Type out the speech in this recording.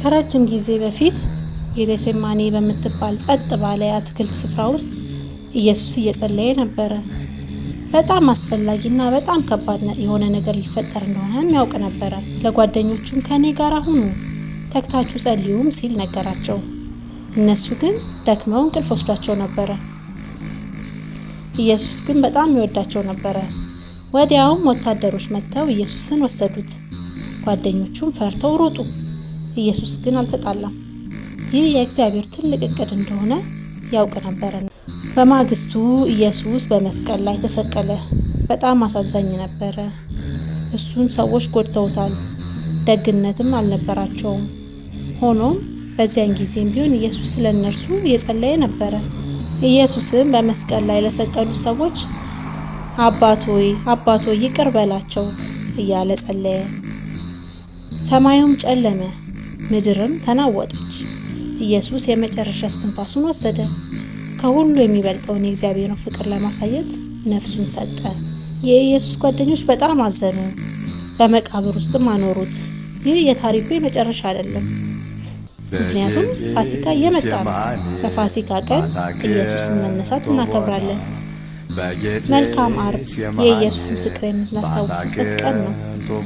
ከረጅም ጊዜ በፊት ጌቴሴማኒ በምትባል ጸጥ ባለ የአትክልት ስፍራ ውስጥ ኢየሱስ እየጸለየ ነበረ። በጣም አስፈላጊና በጣም ከባድ የሆነ ነገር ሊፈጠር እንደሆነ የሚያውቅ ነበረ። ለጓደኞቹም ከእኔ ጋር ሁኑ፣ ተግታችሁ ጸልዩም ሲል ነገራቸው። እነሱ ግን ደክመው እንቅልፍ ወስዷቸው ነበረ። ኢየሱስ ግን በጣም ይወዳቸው ነበረ። ወዲያውም ወታደሮች መጥተው ኢየሱስን ወሰዱት። ጓደኞቹም ፈርተው ሮጡ። ኢየሱስ ግን አልተጣላም። ይህ የእግዚአብሔር ትልቅ እቅድ እንደሆነ ያውቅ ነበር በማግስቱ ኢየሱስ በመስቀል ላይ ተሰቀለ። በጣም አሳዛኝ ነበረ። እሱን ሰዎች ጎድተውታል፣ ደግነትም አልነበራቸውም። ሆኖም በዚያን ጊዜም ቢሆን ኢየሱስ ስለ እነርሱ እየጸለየ ነበረ። ኢየሱስም በመስቀል ላይ ለሰቀሉ ሰዎች አባት ሆይ አባት ሆይ ይቅር በላቸው እያለ ጸለየ። ሰማዩም ጨለመ፣ ምድርም ተናወጠች። ኢየሱስ የመጨረሻ እስትንፋሱን ወሰደ። ከሁሉ የሚበልጠውን የእግዚአብሔርን ፍቅር ለማሳየት ነፍሱን ሰጠ። የኢየሱስ ጓደኞች በጣም አዘኑ፣ በመቃብር ውስጥም አኖሩት። ይህ የታሪኩ የመጨረሻ አይደለም፣ ምክንያቱም ፋሲካ እየመጣ ነው። በፋሲካ ቀን ኢየሱስን መነሳት እናከብራለን። መልካም አርብ የኢየሱስን ፍቅር የምናስታውስበት ቀን ነው።